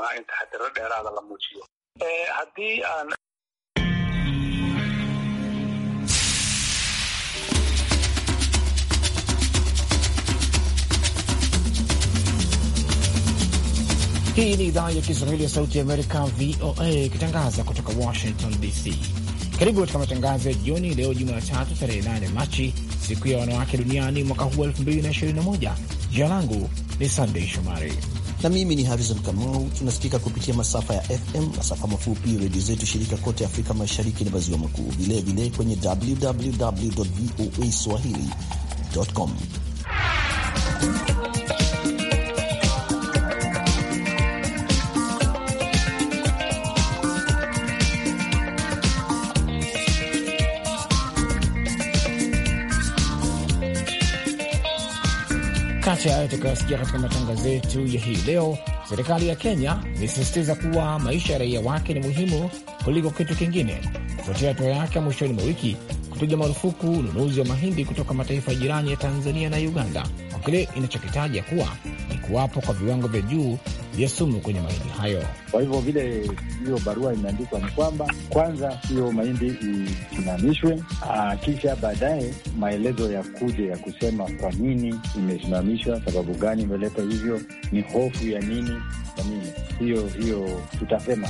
baahnaa in taxadiro dheeraada la muujiyo haddii aan Hii ni idhaa ya Kiswahili ya Sauti ya Amerika, VOA, ikitangaza kutoka Washington DC. Karibu katika matangazo ya jioni leo Jumatatu, tarehe 8 Machi, siku ya wanawake duniani mwaka huu 2021. Jina langu ni Sandei Shomari na mimi ni Harrison Kamau. Tunasikika kupitia masafa ya FM, masafa mafupi, redio zetu shirika kote Afrika Mashariki na Maziwa Makuu, vilevile kwenye www voa swahili com Kati ya hayo tutakayosikia katika matangazo yetu ya hii leo, serikali ya Kenya imesisitiza kuwa maisha ya raia wake ni muhimu kuliko kitu kingine, kufuatia hatua yake mwishoni mwa wiki kupiga marufuku ununuzi wa mahindi kutoka mataifa jirani ya Tanzania na Uganda kwa kile inachokitaja kuwa kuwapo kwa viwango vya juu vya sumu kwenye mahindi hayo. Kwa hivyo vile hiyo barua imeandikwa ni kwamba kwanza hiyo mahindi isimamishwe, ah, kisha baadaye maelezo ya kuja ya kusema kwa nini imesimamishwa, sababu gani imeleta hivyo, ni hofu ya nini kwa nini hiyo hiyo, tutasema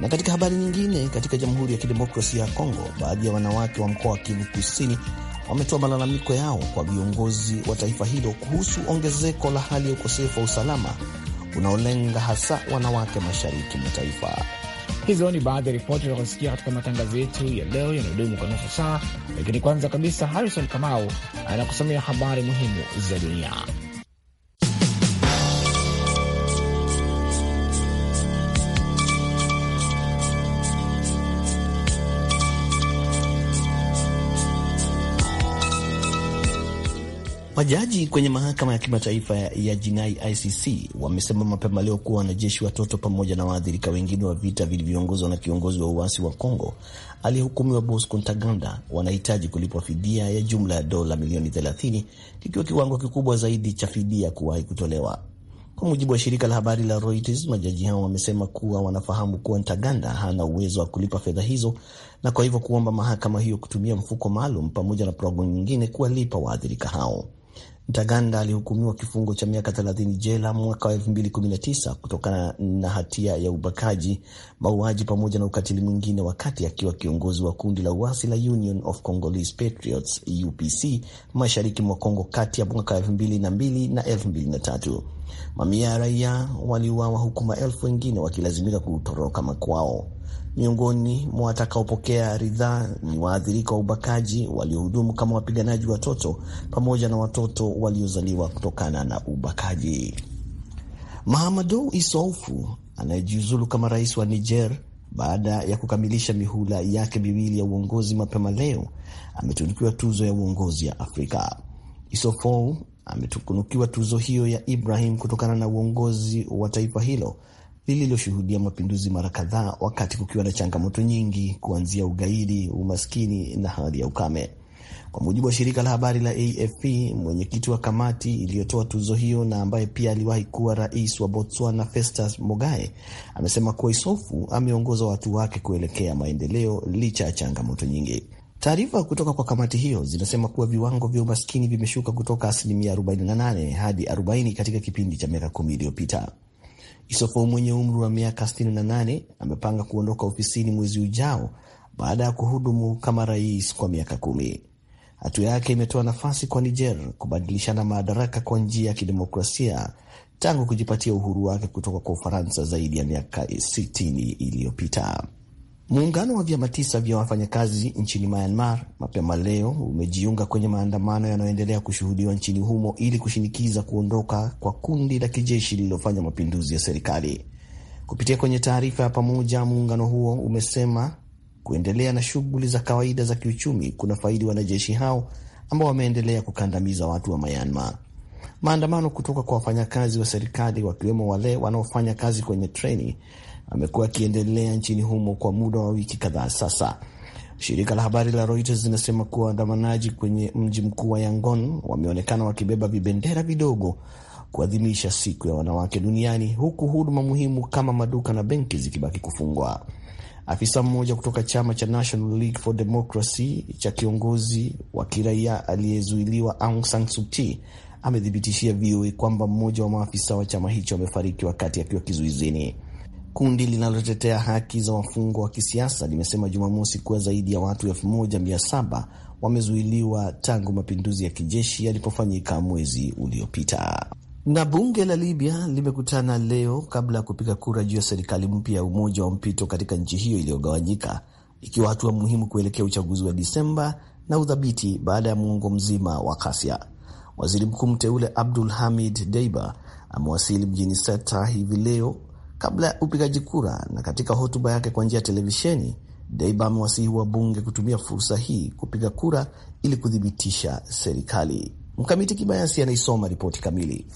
na katika habari nyingine, katika Jamhuri ya Kidemokrasia ya Kongo, baadhi ya wanawake wa mkoa wa Kivu Kusini wametoa malalamiko yao kwa viongozi wa taifa hilo kuhusu ongezeko la hali ya ukosefu wa usalama unaolenga hasa wanawake mashariki mwa taifa. Hizo ni baadhi ya ripoti tunazosikia katika matangazo yetu ya leo yanayodumu kwa nusu saa, lakini kwanza kabisa, Harrison Kamau anakusomea habari muhimu za dunia. Majaji kwenye mahakama ya kimataifa ya jinai ICC wamesema mapema leo kuwa wanajeshi watoto pamoja na waathirika wengine wa vita vilivyoongozwa na kiongozi wa uasi wa Congo aliyehukumiwa Bosco Ntaganda wanahitaji kulipwa fidia ya jumla ya dola milioni 30 kikiwa kiwango kikubwa zaidi cha fidia kuwahi kutolewa. Kwa mujibu wa shirika la habari la Reuters, majaji hao wamesema kuwa wanafahamu kuwa Ntaganda hana uwezo wa kulipa fedha hizo na kwa hivyo kuomba mahakama hiyo kutumia mfuko maalum pamoja na programu nyingine kuwalipa waathirika hao. Ntaganda alihukumiwa kifungo cha miaka 30 jela mwaka wa 2019 kutokana na hatia ya ubakaji, mauaji pamoja na ukatili mwingine wakati akiwa kiongozi wa kundi la uasi la Union of Congolese Patriots UPC mashariki mwa Kongo kati ya mwaka 2002 na 2003. Mamia ya raia waliuawa huku maelfu wengine wakilazimika kutoroka makwao. Miongoni mwa watakaopokea ridhaa ni waathirika wa ubakaji waliohudumu kama wapiganaji watoto pamoja na watoto waliozaliwa kutokana na ubakaji. Mahamadou Isoufu anayejiuzulu kama rais wa Niger baada ya kukamilisha mihula yake miwili ya uongozi mapema leo ametunukiwa tuzo ya uongozi ya Afrika. Isofou ametunukiwa tuzo hiyo ya Ibrahim kutokana na uongozi wa taifa hilo lililoshuhudia mapinduzi mara kadhaa, wakati kukiwa na changamoto nyingi, kuanzia ugaidi, umaskini na hali ya ukame. Kwa mujibu wa shirika la habari la AFP, mwenyekiti wa kamati iliyotoa tuzo hiyo na ambaye pia aliwahi kuwa rais wa Botswana, Festus Mogae, amesema kuwa Isofu ameongoza watu wake kuelekea maendeleo licha ya changamoto nyingi. Taarifa kutoka kwa kamati hiyo zinasema kuwa viwango vya umaskini vimeshuka kutoka asilimia 48 hadi 40 katika kipindi cha miaka kumi iliyopita. Isofo mwenye umri wa miaka 68 amepanga kuondoka ofisini mwezi ujao baada ya kuhudumu kama rais kwa miaka kumi. Hatua yake imetoa nafasi kwa Niger kubadilishana madaraka kwa njia ya kidemokrasia tangu kujipatia uhuru wake kutoka kwa Ufaransa zaidi ya miaka 60 iliyopita. Muungano wa vyama tisa vya wafanyakazi nchini Myanmar mapema leo umejiunga kwenye maandamano yanayoendelea kushuhudiwa nchini humo ili kushinikiza kuondoka kwa kundi la kijeshi lililofanya mapinduzi ya serikali. Kupitia kwenye taarifa ya pamoja, muungano huo umesema kuendelea na shughuli za kawaida za kiuchumi kuna faidi wanajeshi hao ambao wameendelea kukandamiza watu wa Myanmar. Maandamano kutoka kwa wafanyakazi wa serikali wakiwemo wale wanaofanya kazi kwenye treni amekuwa akiendelea nchini humo kwa muda wa wiki kadhaa sasa. Shirika la habari la Reuters linasema kuwa waandamanaji kwenye mji mkuu wa Yangon wameonekana wakibeba vibendera vidogo kuadhimisha siku ya wanawake duniani, huku huduma muhimu kama maduka na benki zikibaki kufungwa. Afisa mmoja kutoka chama cha National League for Democracy cha kiongozi wa kiraia aliyezuiliwa Aung San Suu Kyi amethibitishia VOA kwamba mmoja wa maafisa wa chama hicho amefariki wakati akiwa kizuizini. Kundi linalotetea haki za wafungwa wa kisiasa limesema Jumamosi kuwa zaidi ya watu 1700 wamezuiliwa tangu mapinduzi ya kijeshi yalipofanyika mwezi uliopita. Na bunge la Libya limekutana leo kabla ya kupiga kura juu ya serikali mpya ya umoja wa mpito katika nchi hiyo iliyogawanyika, ikiwa hatua muhimu kuelekea uchaguzi wa Disemba na udhabiti baada ya muongo mzima wa ghasia. Waziri mkuu mteule Abdul Hamid Deiba amewasili mjini Seta hivi leo kabla ya upigaji kura. Na katika hotuba yake kwa njia ya televisheni, Deiba amewasihi wabunge kutumia fursa hii kupiga kura ili kuthibitisha serikali. Mkamiti Kibayasi anaisoma ripoti kamili.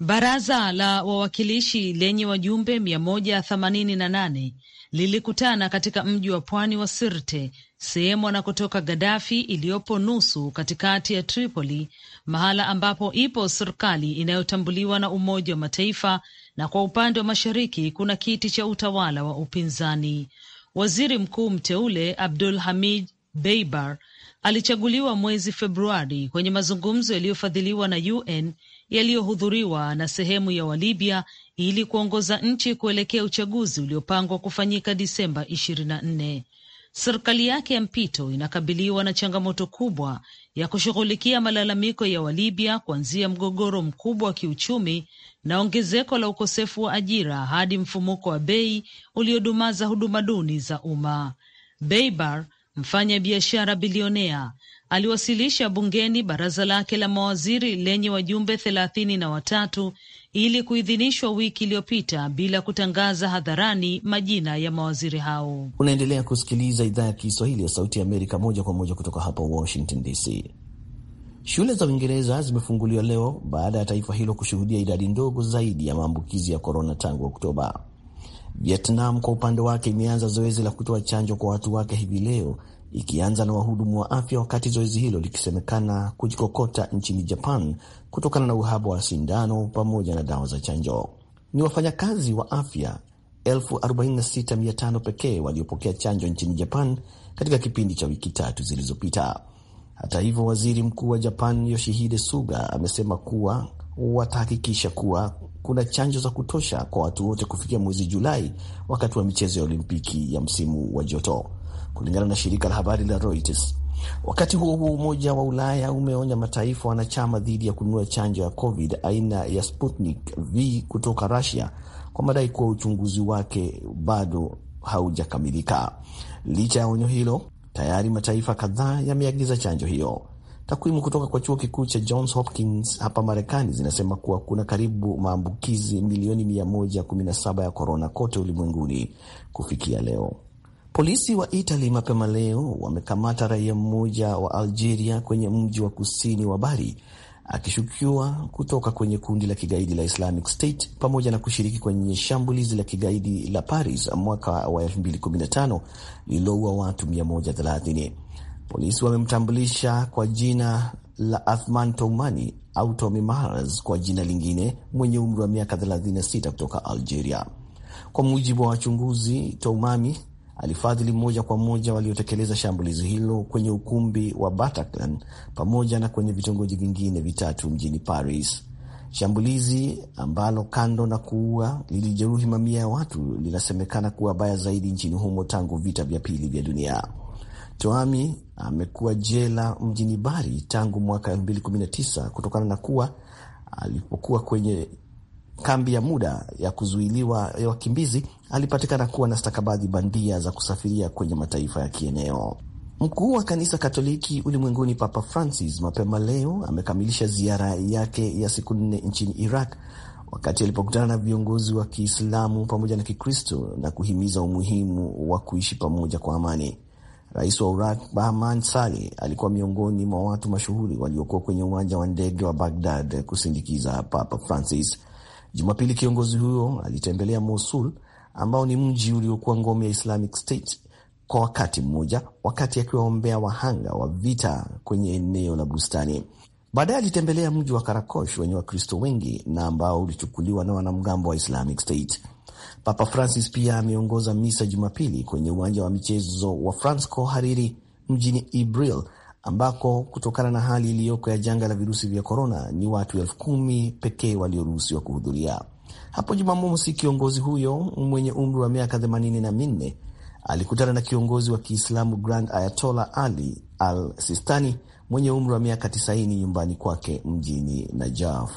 Baraza la wawakilishi lenye wajumbe 188 lilikutana katika mji wa pwani wa Sirte sehemu anakotoka Gadafi iliyopo nusu katikati ya Tripoli, mahala ambapo ipo serikali inayotambuliwa na Umoja wa Mataifa, na kwa upande wa mashariki kuna kiti cha utawala wa upinzani. Waziri mkuu mteule Abdul Hamid Beibar alichaguliwa mwezi Februari kwenye mazungumzo yaliyofadhiliwa na UN yaliyohudhuriwa na sehemu ya Walibya ili kuongoza nchi kuelekea uchaguzi uliopangwa kufanyika Disemba 24 serikali yake ya mpito inakabiliwa na changamoto kubwa ya kushughulikia malalamiko ya Walibya kuanzia mgogoro mkubwa wa kiuchumi na ongezeko la ukosefu wa ajira hadi mfumuko wa bei uliodumaza huduma duni za umma. Beibar, mfanya biashara bilionea aliwasilisha bungeni baraza lake la mawaziri lenye wajumbe thelathini na watatu ili kuidhinishwa wiki iliyopita bila kutangaza hadharani majina ya mawaziri hao. Unaendelea kusikiliza idhaa ya Kiswahili ya Sauti ya Amerika moja kwa moja kutoka hapa Washington DC. Shule za Uingereza zimefunguliwa leo baada ya taifa hilo kushuhudia idadi ndogo zaidi ya maambukizi ya korona tangu Oktoba. Vietnam kwa upande wake imeanza zoezi la kutoa chanjo kwa watu wake hivi leo ikianza na wahudumu wa afya, wakati zoezi hilo likisemekana kujikokota nchini Japan kutokana na uhaba wa sindano pamoja na dawa za chanjo. Ni wafanyakazi wa afya 46500 pekee waliopokea chanjo nchini Japan katika kipindi cha wiki tatu zilizopita. Hata hivyo, waziri mkuu wa Japan Yoshihide Suga amesema kuwa watahakikisha kuwa kuna chanjo za kutosha kwa watu wote kufikia mwezi Julai wakati wa michezo ya Olimpiki ya msimu wa joto kulingana na shirika la habari la Reuters. Wakati huo huo, Umoja wa Ulaya umeonya mataifa wanachama dhidi ya kununua chanjo ya COVID aina ya Sputnik V kutoka Russia kwa madai kuwa uchunguzi wake bado haujakamilika. Licha ya onyo hilo, tayari mataifa kadhaa yameagiza chanjo hiyo. Takwimu kutoka kwa chuo kikuu cha Johns Hopkins hapa Marekani zinasema kuwa kuna karibu maambukizi milioni 117 ya korona kote ulimwenguni kufikia leo. Polisi wa Itali mapema leo wamekamata raia mmoja wa Algeria kwenye mji wa kusini wa Bari akishukiwa kutoka kwenye kundi la kigaidi la Islamic State pamoja na kushiriki kwenye shambulizi la kigaidi la Paris mwaka wa 2015 lililoua watu 130. Polisi wamemtambulisha kwa jina la Athman Toumani au Tomi Mahrez kwa jina lingine, mwenye umri wa miaka 36 kutoka Algeria. Kwa mujibu wa wachunguzi, Toumami alifadhili moja kwa moja waliotekeleza shambulizi hilo kwenye ukumbi wa Bataclan pamoja na kwenye vitongoji vingine vitatu mjini Paris. Shambulizi ambalo kando na kuua lilijeruhi mamia ya watu linasemekana kuwa baya zaidi nchini humo tangu vita vya pili vya dunia. Toami amekuwa jela mjini Bari tangu mwaka 2019 kutokana na kuwa alipokuwa kwenye kambi ya muda ya kuzuiliwa ya wakimbizi alipatikana kuwa na stakabadhi bandia za kusafiria kwenye mataifa ya kieneo. Mkuu wa kanisa Katoliki ulimwenguni Papa Francis mapema leo amekamilisha ziara yake ya siku nne nchini Iraq wakati alipokutana na viongozi wa Kiislamu pamoja na Kikristo na kuhimiza umuhimu wa kuishi pamoja kwa amani. Rais wa Iraq Bahman Sali alikuwa miongoni mwa watu mashuhuri waliokuwa kwenye uwanja wa ndege wa bagdad kusindikiza Papa Francis. Jumapili kiongozi huyo alitembelea Mosul ambao ni mji uliokuwa ngome ya Islamic State kwa wakati mmoja, wakati akiwaombea wahanga wa vita kwenye eneo la bustani. Baadaye alitembelea mji wa Karakosh wenye Wakristo wengi na ambao ulichukuliwa na wanamgambo wa Islamic State. Papa Francis pia ameongoza misa Jumapili kwenye uwanja wa michezo wa Franco Hariri mjini Ibril ambako kutokana na hali iliyoko ya janga la virusi vya korona ni watu elfu kumi pekee walioruhusiwa kuhudhuria. Hapo Jumamosi, kiongozi huyo mwenye umri wa miaka themanini na minne alikutana na kiongozi wa Kiislamu Grand Ayatola Ali Al Sistani mwenye umri wa miaka 90 nyumbani kwake mjini Najaf.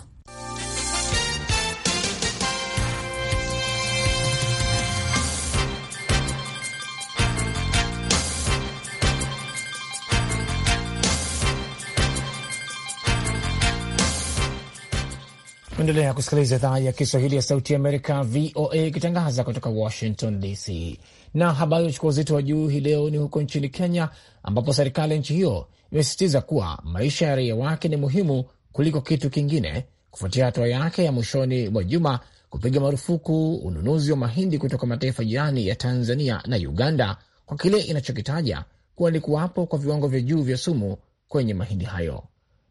endelea kusikiliza idhaa ya Kiswahili ya Sauti ya Amerika, VOA, ikitangaza kutoka Washington DC. Na habari uchukua uzito wa juu hii leo ni huko nchini Kenya, ambapo serikali ya nchi hiyo imesisitiza kuwa maisha ya raia wake ni muhimu kuliko kitu kingine, kufuatia hatua yake ya mwishoni mwa juma kupiga marufuku ununuzi wa mahindi kutoka mataifa jirani ya Tanzania na Uganda kwa kile inachokitaja kuwa ni kuwapo kwa viwango vya juu vya sumu kwenye mahindi hayo.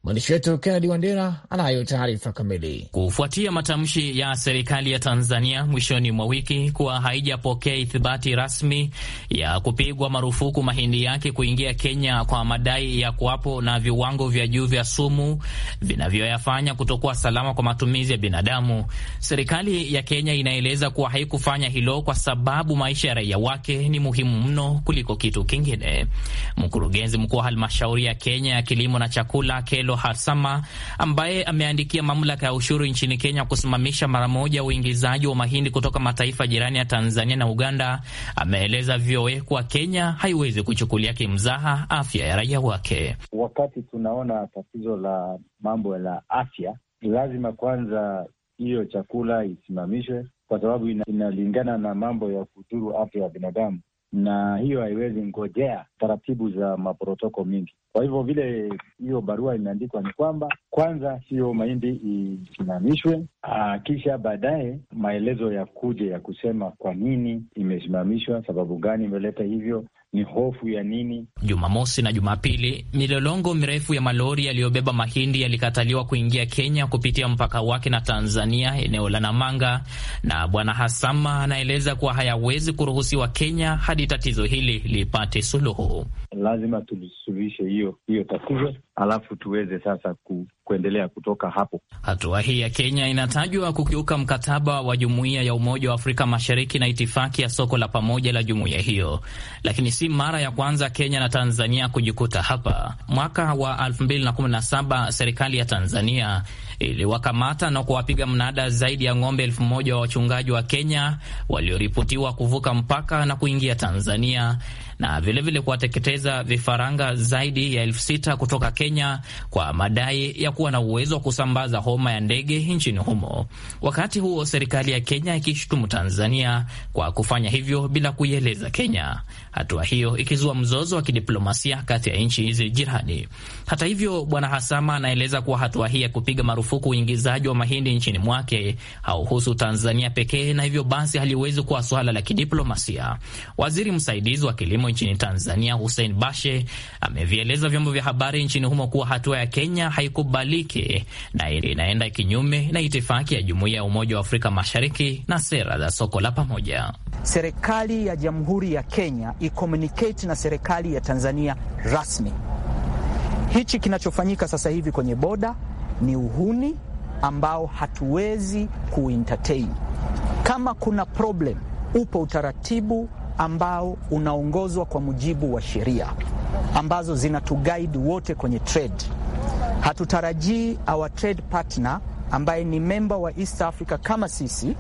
Mwandishi wetu Kennedy Wandera anayo taarifa kamili. Kufuatia matamshi ya serikali ya Tanzania mwishoni mwa wiki kuwa haijapokea ithibati rasmi ya kupigwa marufuku mahindi yake kuingia Kenya kwa madai ya kuwapo na viwango vya juu vya sumu vinavyoyafanya kutokuwa salama kwa matumizi ya binadamu, serikali ya Kenya inaeleza kuwa haikufanya hilo kwa sababu maisha ya raia wake ni muhimu mno kuliko kitu kingine. Mkurugenzi mkuu wa halmashauri ya Kenya ya kilimo na chakula Kelo Okello Harsama ambaye ameandikia mamlaka ya ushuru nchini Kenya kusimamisha mara moja uingizaji wa mahindi kutoka mataifa jirani ya Tanzania na Uganda, ameeleza VOA kuwa Kenya haiwezi kuchukulia kimzaha afya ya raia wake. Wakati tunaona tatizo la mambo la afya, lazima kwanza hiyo chakula isimamishwe, kwa sababu inalingana na mambo ya kudhuru afya ya binadamu na hiyo haiwezi ngojea taratibu za maprotoko mingi. Kwa hivyo vile hiyo barua imeandikwa ni kwamba kwanza hiyo mahindi isimamishwe, ah, kisha baadaye maelezo ya kuja ya kusema kwa nini imesimamishwa, sababu gani imeleta hivyo, ni hofu ya nini? Jumamosi na Jumapili, milolongo mirefu ya malori yaliyobeba mahindi yalikataliwa kuingia Kenya kupitia mpaka wake na Tanzania, eneo la Namanga, na Bwana Hasama anaeleza kuwa hayawezi kuruhusiwa Kenya hadi tatizo hili lipate suluhu. Lazima tulisuluhishe hiyo hiyo tatizo alafu tuweze sasa ku, kuendelea kutoka hapo. Hatua hii ya Kenya inatajwa kukiuka mkataba wa Jumuiya ya Umoja wa Afrika Mashariki na itifaki ya soko la pamoja la jumuiya hiyo, lakini si mara ya kwanza Kenya na Tanzania kujikuta hapa. Mwaka wa 2017 serikali ya Tanzania iliwakamata na kuwapiga mnada zaidi ya ng'ombe elfu moja wa wachungaji wa Kenya walioripotiwa kuvuka mpaka na kuingia Tanzania na vilevile kuwateketeza vifaranga zaidi ya elfu sita kutoka Kenya kwa madai ya kuwa na uwezo wa kusambaza homa ya ndege nchini humo. Wakati huo serikali ya Kenya ikishutumu Tanzania kwa kufanya hivyo bila kuieleza Kenya, hatua hiyo ikizua mzozo wa kidiplomasia kati ya nchi hizi jirani. Hata hivyo, Bwana Hasama anaeleza kuwa hatua hii ya kupiga marufuku uingizaji wa mahindi nchini mwake hauhusu Tanzania pekee na hivyo basi haliwezi kuwa swala la kidiplomasia. Waziri msaidizi wa kilimo kilimo nchini Tanzania Hussein Bashe amevieleza vyombo vya habari nchini humo kuwa hatua ya Kenya haikubaliki na inaenda kinyume na itifaki ya Jumuiya ya Umoja wa Afrika Mashariki na sera za soko la pamoja. Serikali ya Jamhuri ya Kenya ikomuniketi na serikali ya Tanzania rasmi. Hichi kinachofanyika sasa hivi kwenye boda ni uhuni ambao hatuwezi kuentertain. Kama kuna problem, upo utaratibu ambao unaongozwa kwa mujibu wa sheria ambazo zinatuguide wote kwenye trade. Hatutarajii our trade partner ambaye ni memba wa East Africa kama sisi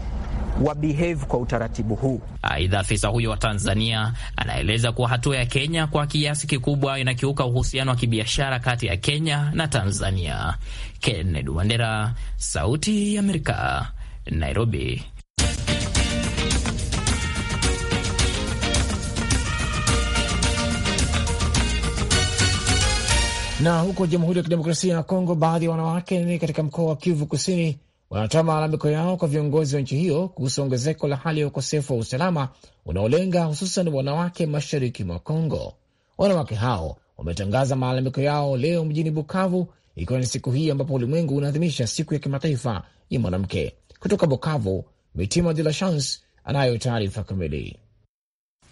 wa behave kwa utaratibu huu. Aidha, afisa huyo wa Tanzania anaeleza kuwa hatua ya Kenya kwa kiasi kikubwa inakiuka uhusiano wa kibiashara kati ya Kenya na Tanzania. Kennedy Wandera, Sauti ya Amerika, Nairobi. Na huko Jamhuri ya Kidemokrasia ya Kongo, baadhi ya wanawake katika mkoa wa Kivu Kusini wanatoa malalamiko yao kwa viongozi wa nchi hiyo kuhusu ongezeko la hali ya ukosefu wa usalama unaolenga hususan wanawake mashariki mwa Kongo. Wanawake hao wametangaza malalamiko yao leo mjini Bukavu, ikiwa ni siku hii ambapo ulimwengu unaadhimisha siku ya kimataifa ya mwanamke. Kutoka Bukavu, Mitima De La Chance anayo taarifa kamili.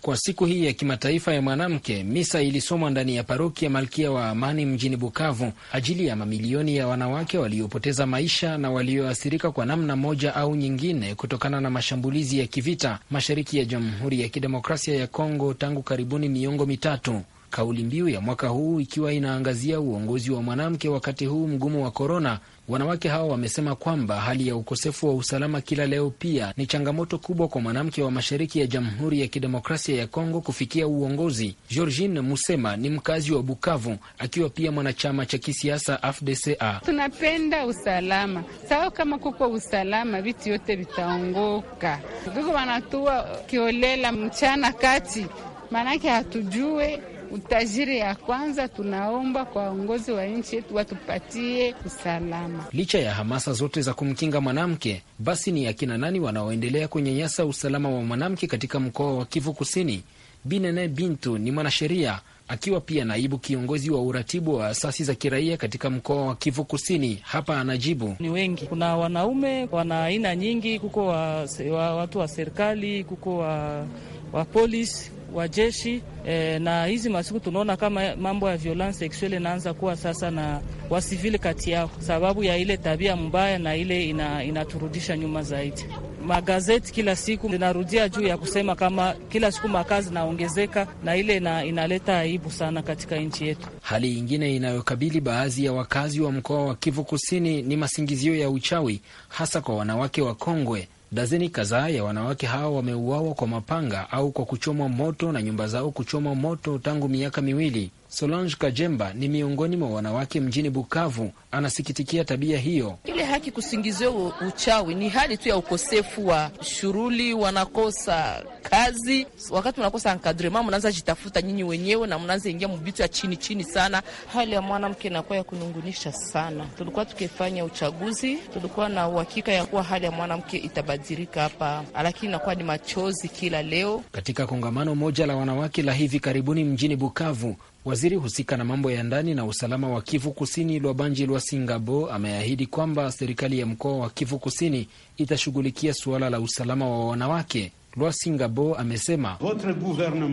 Kwa siku hii ya kimataifa ya mwanamke, misa ilisomwa ndani ya parokia Malkia wa Amani mjini Bukavu ajili ya mamilioni ya wanawake waliopoteza maisha na walioathirika kwa namna moja au nyingine kutokana na mashambulizi ya kivita mashariki ya Jamhuri ya Kidemokrasia ya Kongo tangu karibuni miongo mitatu kauli mbiu ya mwaka huu ikiwa inaangazia uongozi wa mwanamke wakati huu mgumu wa korona. Wanawake hawa wamesema kwamba hali ya ukosefu wa usalama kila leo pia ni changamoto kubwa kwa mwanamke wa mashariki ya Jamhuri ya Kidemokrasia ya Kongo kufikia uongozi. Georgine Musema ni mkazi wa Bukavu, akiwa pia mwanachama cha kisiasa AFDCA. Tunapenda usalama sawa, kama kuko usalama vitu yote vitaongoka. Tuko wanatua kiolela mchana kati, maanake hatujue utajiri ya kwanza, tunaomba kwa waongozi wa nchi yetu watupatie usalama. Licha ya hamasa zote za kumkinga mwanamke, basi ni akina nani wanaoendelea kunyanyasa usalama wa mwanamke katika mkoa wa Kivu Kusini? Binene Bintu ni mwanasheria akiwa pia naibu kiongozi wa uratibu wa asasi za kiraia katika mkoa wa Kivu Kusini. Hapa anajibu: ni wengi, kuna wanaume wana aina nyingi, kuko wa, wa, watu wa serikali, kuko wa, wa polisi wa jeshi e, na hizi masiku tunaona kama mambo ya violence sexuelle inaanza kuwa sasa na wasivili kati yao, sababu ya ile tabia mbaya na ile ina, inaturudisha nyuma zaidi. Magazeti kila siku zinarudia juu ya kusema kama kila siku makazi inaongezeka na ile na inaleta aibu sana katika nchi yetu. Hali ingine inayokabili baadhi ya wakazi wa mkoa wa Kivu Kusini ni masingizio ya uchawi hasa kwa wanawake wakongwe Dazeni kadhaa ya wanawake hawa wameuawa kwa mapanga au kwa kuchomwa moto na nyumba zao kuchomwa moto tangu miaka miwili. Solange Kajemba ni miongoni mwa wanawake mjini Bukavu, anasikitikia tabia hiyo. Ile hawataki kusingizia uchawi, ni hali tu ya ukosefu wa shughuli, wanakosa kazi. Wakati mnakosa ankadrema, mnaanza jitafuta nyinyi wenyewe na mnaanza ingia mbitu ya chini chini sana. Hali ya mwanamke inakuwa ya kunungunisha sana. Tulikuwa tukifanya uchaguzi, tulikuwa na uhakika ya kuwa hali ya mwanamke itabadilika hapa, lakini inakuwa ni machozi kila leo. Katika kongamano moja la wanawake la hivi karibuni mjini Bukavu, Waziri husika na mambo ya ndani na usalama wa Kivu Kusini, Lwabanji Lwa Singabo, ameahidi kwamba serikali serikali ya mkoa wa Kivu Kusini itashughulikia suala la usalama wa wanawake Lwasingabo amesema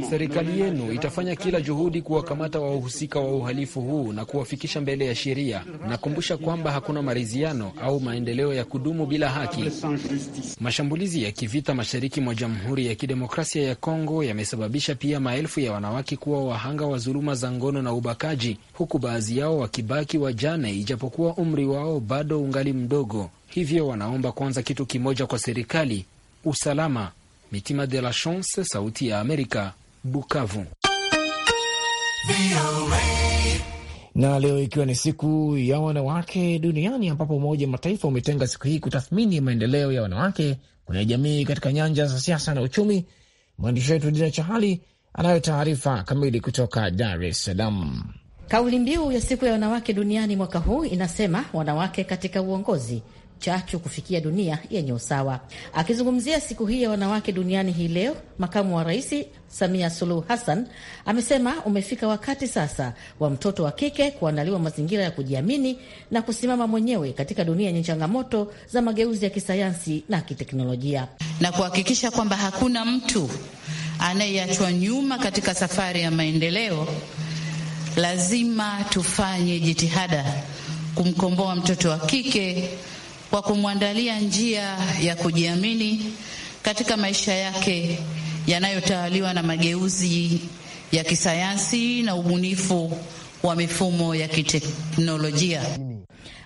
serikali yenu itafanya kila juhudi kuwakamata wahusika wa uhalifu huu na kuwafikisha mbele ya sheria. Nakumbusha kwamba hakuna maridhiano au maendeleo ya kudumu bila haki. Mashambulizi ya kivita mashariki mwa Jamhuri ya Kidemokrasia ya Kongo yamesababisha pia maelfu ya wanawake kuwa wahanga wa dhuluma za ngono na ubakaji, huku baadhi yao wakibaki wajane ijapokuwa umri wao bado ungali mdogo. Hivyo wanaomba kwanza kitu kimoja kwa serikali: usalama. Mitima de la Chance, Sauti ya Amerika, Bukavu. Na leo ikiwa ni siku ya wanawake duniani, ambapo Umoja wa Mataifa umetenga siku hii kutathmini maendeleo ya wanawake kwenye jamii katika nyanja za siasa na uchumi. Mwandishi wetu Dina Chahali anayo taarifa kamili kutoka Dar es Salaam. Kauli mbiu ya siku ya wanawake duniani mwaka huu inasema wanawake katika uongozi, chachu kufikia dunia yenye usawa. Akizungumzia siku hii ya wanawake duniani hii leo, makamu wa rais Samia Suluhu Hassan amesema umefika wakati sasa wa mtoto wa kike kuandaliwa mazingira ya kujiamini na kusimama mwenyewe katika dunia yenye changamoto za mageuzi ya kisayansi na kiteknolojia, na kuhakikisha kwamba hakuna mtu anayeachwa nyuma katika safari ya maendeleo. Lazima tufanye jitihada kumkomboa mtoto wa kike kwa kumwandalia njia ya kujiamini katika maisha yake yanayotawaliwa na mageuzi ya kisayansi na ubunifu wa mifumo ya kiteknolojia.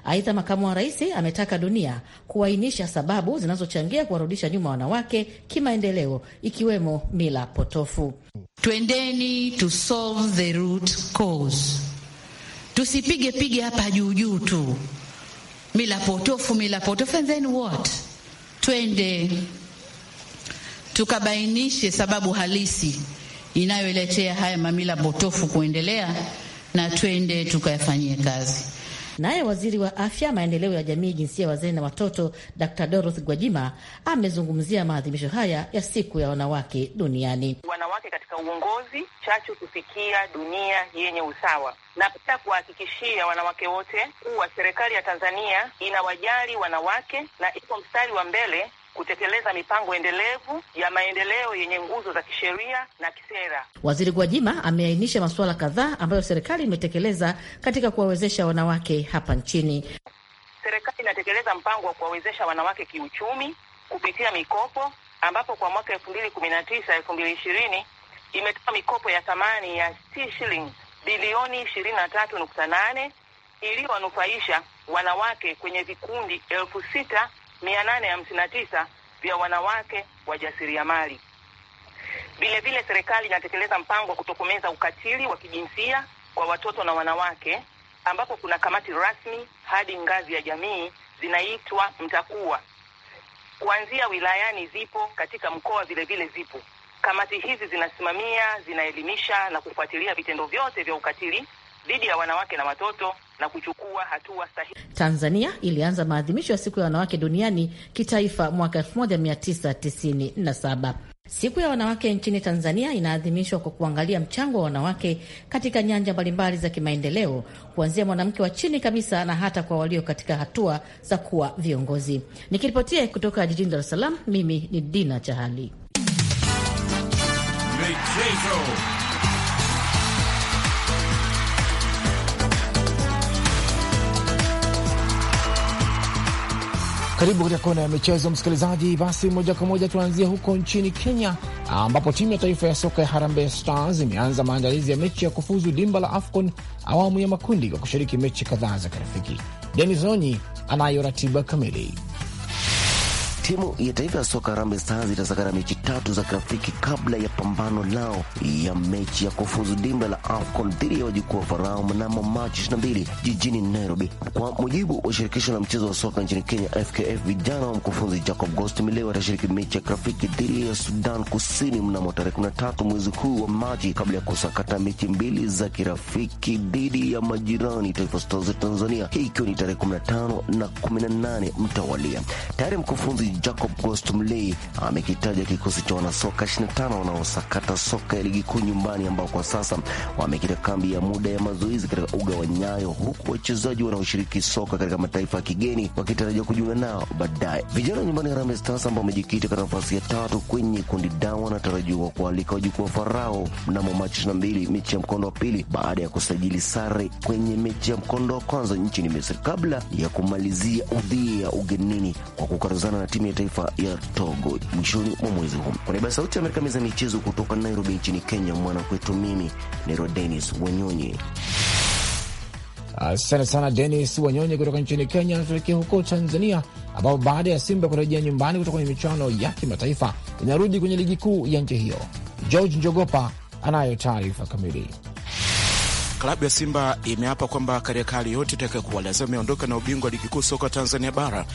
Aidha, makamu wa rais ametaka dunia kuainisha sababu zinazochangia kuwarudisha nyuma wanawake kimaendeleo, ikiwemo mila potofu. Twendeni to solve the root cause, tusipige pige hapa juujuu tu mila potofu, mila potofu, and then what? Twende tukabainishe sababu halisi inayoletea haya mamila potofu kuendelea, na twende tukayafanyie kazi. Naye waziri wa afya, maendeleo ya jamii, jinsia wazee na watoto, Dr. Dorothy Gwajima amezungumzia maadhimisho haya ya siku ya wanawake duniani. Wanawake katika uongozi, chachu kufikia dunia yenye usawa. Napenda kuwahakikishia wanawake wote kuwa serikali ya Tanzania inawajali wanawake na iko mstari wa mbele kutekeleza mipango endelevu ya maendeleo yenye nguzo za kisheria na kisera. Waziri Gwajima ameainisha masuala kadhaa ambayo serikali imetekeleza katika kuwawezesha wanawake hapa nchini. Serikali inatekeleza mpango wa kuwawezesha wanawake kiuchumi kupitia mikopo ambapo kwa mwaka elfu mbili kumi na tisa elfu mbili ishirini imetoa mikopo ya thamani ya shilingi bilioni ishirini na tatu nukta nane iliyowanufaisha wanawake kwenye vikundi elfu sita mia nane hamsini na tisa vya wanawake wajasiriamali. Vilevile, serikali inatekeleza mpango wa kutokomeza ukatili wa kijinsia kwa watoto na wanawake, ambapo kuna kamati rasmi hadi ngazi ya jamii zinaitwa mtakuwa, kuanzia wilayani zipo, katika mkoa vilevile zipo. Kamati hizi zinasimamia, zinaelimisha na kufuatilia vitendo vyote vya ukatili dhidi ya wanawake na watoto na kuchukua hatua sahihi. Tanzania ilianza maadhimisho ya siku ya wanawake duniani kitaifa mwaka 1997. Siku ya wanawake nchini Tanzania inaadhimishwa kwa kuangalia mchango wa wanawake katika nyanja mbalimbali za kimaendeleo, kuanzia mwanamke wa chini kabisa na hata kwa walio katika hatua za kuwa viongozi. Nikiripotia kutoka jijini Dar es Salaam, mimi ni Dina Chahali. Michezo. Karibu katika kona ya michezo, msikilizaji. Basi moja kwa moja tuanzie huko nchini Kenya, ambapo timu ya taifa ya soka ya Harambee Stars imeanza maandalizi ya mechi ya kufuzu dimba la AFCON awamu ya makundi kwa kushiriki mechi kadhaa za kirafiki. Denis Onyi anayo ratiba kamili. Timu ya taifa ya soka Harambee Stars itasakara mechi tatu za kirafiki kabla ya pambano lao ya mechi ya kufuzu dimba la AFCON dhidi ya wajukuu wa Farao mnamo Machi 22 jijini Nairobi, kwa mujibu wa shirikisho la mchezo wa soka nchini Kenya FKF. Vijana wa mkufunzi Jacob Ghost Milewa atashiriki mechi ya kirafiki dhidi ya Sudan Kusini mnamo tarehe 13 mwezi huu wa Machi, kabla ya kusakata mechi mbili za kirafiki dhidi ya majirani Taifa Stars ya Tanzania, hii ikiwa ni tarehe 15 na 18 mtawalia. Tayari mkufunzi Jacob Ghost Mulee amekitaja kikosi cha wanasoka 25 wanaosakata soka ya ligi kuu nyumbani ambao kwa sasa wamekita kambi ya muda ya mazoezi katika uga wa Nyayo, huku wachezaji wanaoshiriki soka katika mataifa ya kigeni wakitarajiwa kujiunga nao baadaye. Vijana nyumbani Harambee Stars ambao wamejikita katika nafasi ya tatu kwenye kundi D wanatarajiwa kualika wajukuu wa Farao mnamo Machi 22 mechi ya mkondo wa pili baada ya kusajili sare kwenye mechi ya mkondo wa kwanza nchini Misri kabla ya kumalizia udhia ugenini kwa kukaruzana na timu timu ya taifa ya Togo mwishoni mwa mwezi huu. Kwa niaba ya Sauti ya Amerika, meza michezo kutoka Nairobi nchini Kenya, mwanakwetu mimi Nero Denis Wanyonyi. Asante sana Denis Wanyonye kutoka nchini Kenya. Anatuelekea huko Tanzania, ambapo baada ya Simba kurejea nyumbani kutoka kwenye michuano ya kimataifa inarudi kwenye ligi kuu ya nchi hiyo. George Njogopa anayo taarifa kamili. Klabu ya Simba imeapa kwamba kariakali yote itakayokuwa lazima iondoke na ubingwa wa ligi kuu soka Tanzania bara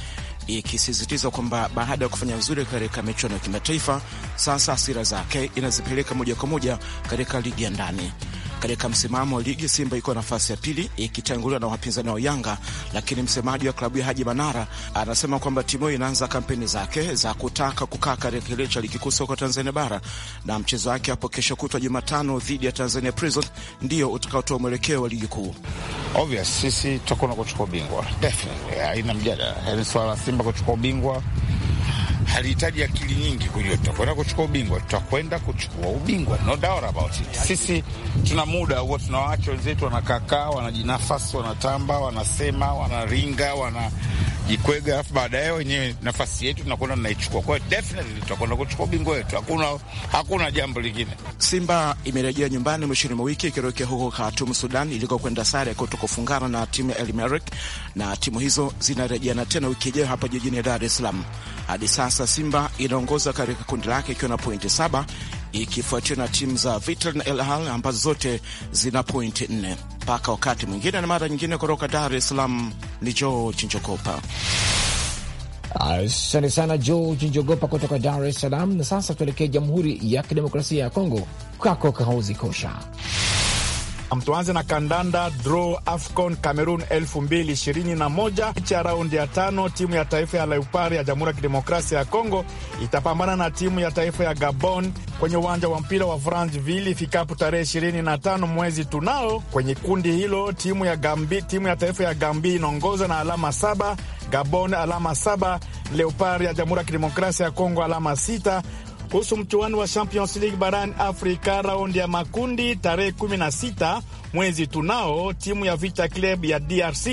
ikisisitiza kwamba baada ya kufanya vizuri katika michuano ya kimataifa, sasa asira zake inazipeleka moja kwa moja katika ligi ya ndani. Katika msimamo wa ligi, Simba iko nafasi ya pili ikitanguliwa na wapinzani wa Yanga, lakini msemaji wa klabu ya Haji Manara anasema kwamba timu hiyo inaanza kampeni zake za kutaka kukaa katika kilele cha ligi kuu soka Tanzania bara, na mchezo wake hapo kesho kutwa Jumatano dhidi ya Tanzania Prison ndio utakaotoa mwelekeo wa ligi kuu. Obvious, sisi tutakuwa na kuchukua ubingwa, definitely haina mjadala. Yaani swala la Simba kuchukua ubingwa halihitaji akili nyingi kujua. Tutakwenda kuchukua ubingwa, tutakwenda kuchukua ubingwa, no doubt about it. Sisi tuna muda huo, tunawaacha wenzetu wanakakaa, wanajinafasi, wanatamba, wanasema, wanaringa, wanajikwega, alafu baadaye wenyewe nafasi yetu tunakwenda tunaichukua. Kwa hiyo definitely tutakwenda kuchukua ubingwa wetu, hakuna, hakuna jambo lingine. Simba imerejea nyumbani mwishoni mwa wiki ikirokea huko Khartoum, Sudan, ilikokwenda sare ya kutokufungana na timu ya Elmerek, na timu hizo zinarejeana tena wiki ijayo hapa jijini Dar es Salaam. Hadi sasa Simba inaongoza katika kundi lake ikiwa na pointi saba ikifuatiwa na timu za Vital na El ambazo zote zina pointi nne. Mpaka wakati mwingine na mara nyingine, kutoka Dar es Salaam ni George Njogopa. Asante sana George Njogopa kutoka Dar es Salaam. Na sasa tuelekee Jamhuri ya Kidemokrasia ya Kongo, kwako Kahozi Kosha. Mtuanze na kandanda draw AFCON Cameroon moja. mechi ya raundi ya tano, timu ya taifa ya Leopard ya Jamhuri ya Kidemokrasia ya Kongo itapambana na timu ya taifa ya Gabon kwenye uwanja wa mpira wa Franceville ifikapo tarehe 25 mwezi tunao. Kwenye kundi hilo timu ya Gambi, timu ya taifa ya Gambi inaongoza na alama saba, Gabon alama saba, Leopard ya Jamhuri ya Kidemokrasia ya Kongo alama sita kuhusu mchuano wa Champions League barani Afrika, raundi ya makundi tarehe 16 mwezi tunao, timu ya Vita Club ya DRC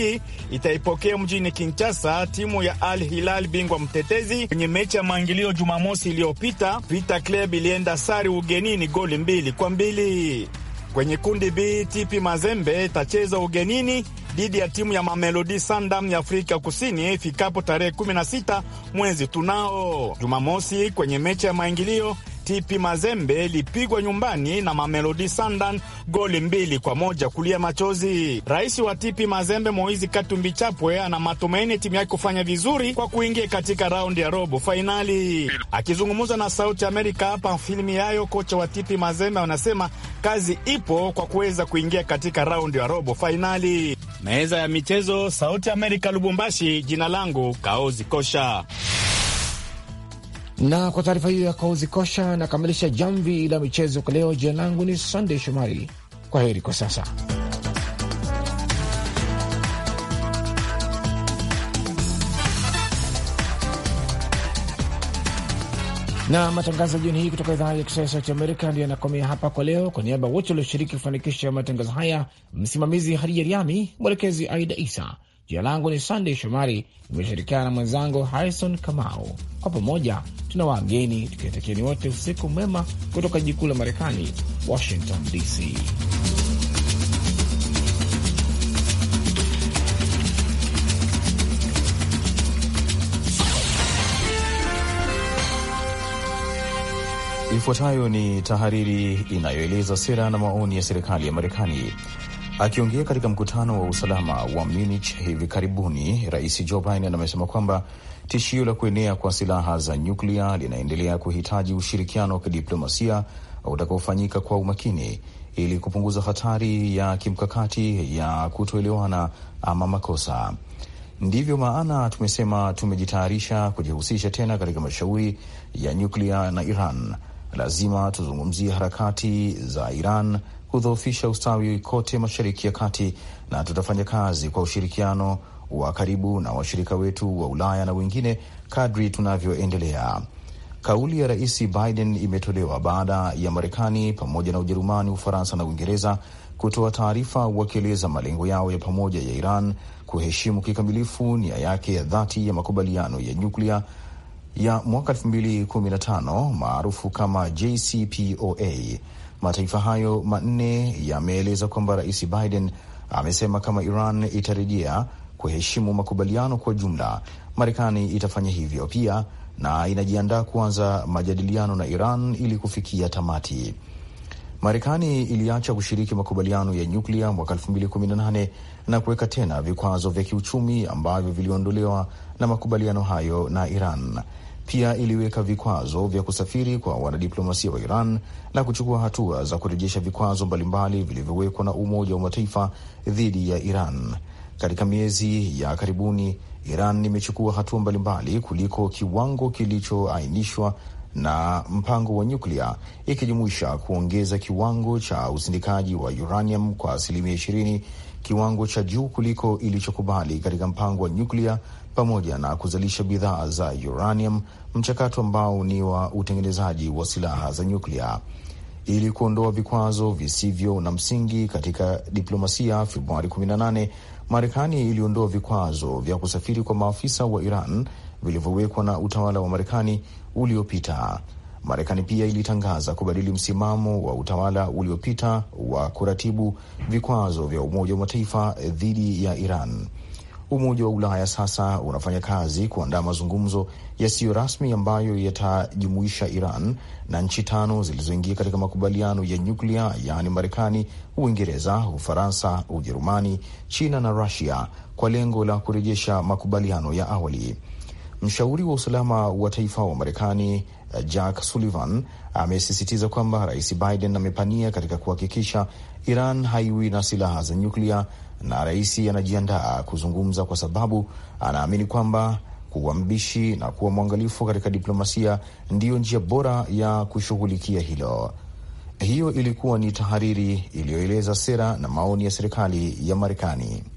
itaipokea mjini Kinshasa timu ya Al Hilal, bingwa mtetezi. Kwenye mechi ya maingilio Jumamosi iliyopita, Vita Club ilienda sare ugenini goli mbili kwa mbili. Kwenye kundi B, Tipi Mazembe itacheza ugenini dhidi ya timu ya Mamelodi Sundowns ya Afrika Kusini ifikapo tarehe 16 mwezi tunao Jumamosi kwenye mechi ya maingilio TP Mazembe lipigwa nyumbani na Mamelodi Sundowns goli mbili kwa moja. Kulia machozi. Rais wa TP Mazembe Moizi Katumbi Chapwe ana matumaini timu yake kufanya vizuri kwa kuingia katika raundi ya robo fainali. Akizungumza na Sauti Amerika hapa filmu yayo, kocha wa TP Mazembe anasema kazi ipo kwa kuweza kuingia katika raundi ya robo fainali. Meza ya michezo, Sauti Amerika, Lubumbashi. Jina langu Kaozi Kosha. Na kwa taarifa hiyo ya Kauzi Kosha nakamilisha jamvi la michezo kwa leo. Jina langu ni sandey Shomari, kwa heri kwa sasa. na matangazo ya jioni hii kutoka idhaa ya Kiswahili ya Sauti Amerika ndiyo yanakomea hapa kwa leo. Kwa niaba ya wote walioshiriki kufanikisha matangazo haya, msimamizi Hadija Riami, mwelekezi Aida Isa. Jina langu ni Sandey Shomari, nimeshirikiana na mwenzangu Harrison Kamau. Kwa pamoja tuna wageni tukiwatakieni wote usiku mwema kutoka jikuu la Marekani, Washington DC. Ifuatayo ni tahariri inayoeleza sera na maoni ya serikali ya Marekani. Akiongea katika mkutano wa usalama wa Munich hivi karibuni, Rais Joe Biden amesema kwamba tishio la kuenea kwa silaha za nyuklia linaendelea kuhitaji ushirikiano wa kidiplomasia utakaofanyika kwa umakini ili kupunguza hatari ya kimkakati ya kutoelewana ama makosa. Ndivyo maana tumesema tumejitayarisha kujihusisha tena katika mashauri ya nyuklia na Iran. Lazima tuzungumzie harakati za Iran kudhoofisha ustawi kote Mashariki ya Kati, na tutafanya kazi kwa ushirikiano wa karibu na washirika wetu wa Ulaya na wengine kadri tunavyoendelea. Kauli ya Rais Biden imetolewa baada ya Marekani pamoja na Ujerumani, Ufaransa na Uingereza kutoa taarifa wakieleza malengo yao ya pamoja ya Iran kuheshimu kikamilifu nia yake ya dhati ya makubaliano ya nyuklia ya mwaka 2015 maarufu kama JCPOA. Mataifa hayo manne yameeleza kwamba Rais Biden amesema kama Iran itarejea kuheshimu makubaliano kwa jumla, Marekani itafanya hivyo pia na inajiandaa kuanza majadiliano na Iran ili kufikia tamati. Marekani iliacha kushiriki makubaliano ya nyuklia mwaka 2018 na kuweka tena vikwazo vya kiuchumi ambavyo viliondolewa na makubaliano hayo na Iran pia iliweka vikwazo vya kusafiri kwa wanadiplomasia wa Iran na kuchukua hatua za kurejesha vikwazo mbalimbali vilivyowekwa na Umoja wa Mataifa dhidi ya Iran. Katika miezi ya karibuni, Iran imechukua hatua mbalimbali kuliko kiwango kilichoainishwa na mpango wa nyuklia ikijumuisha kuongeza kiwango cha usindikaji wa uranium kwa asilimia ishirini, kiwango cha juu kuliko ilichokubali katika mpango wa nyuklia pamoja na kuzalisha bidhaa za uranium, mchakato ambao ni wa utengenezaji wa silaha za nyuklia. Ili kuondoa vikwazo visivyo na msingi katika diplomasia, Februari 18 Marekani iliondoa vikwazo vya kusafiri kwa maafisa wa Iran vilivyowekwa na utawala wa Marekani uliopita. Marekani pia ilitangaza kubadili msimamo wa utawala uliopita wa kuratibu vikwazo vya Umoja wa Mataifa dhidi ya Iran. Umoja wa Ulaya sasa unafanya kazi kuandaa mazungumzo yasiyo rasmi ambayo yatajumuisha Iran na nchi tano zilizoingia katika makubaliano ya nyuklia, yaani Marekani, Uingereza, Ufaransa, Ujerumani, China na Rusia, kwa lengo la kurejesha makubaliano ya awali. Mshauri wa usalama wa taifa wa Marekani Jack Sullivan amesisitiza kwamba Rais Biden amepania katika kuhakikisha Iran haiwi na silaha za nyuklia na rais anajiandaa kuzungumza kwa sababu anaamini kwamba kuwa mbishi na kuwa mwangalifu katika diplomasia ndiyo njia bora ya kushughulikia hilo. Hiyo ilikuwa ni tahariri iliyoeleza sera na maoni ya serikali ya Marekani.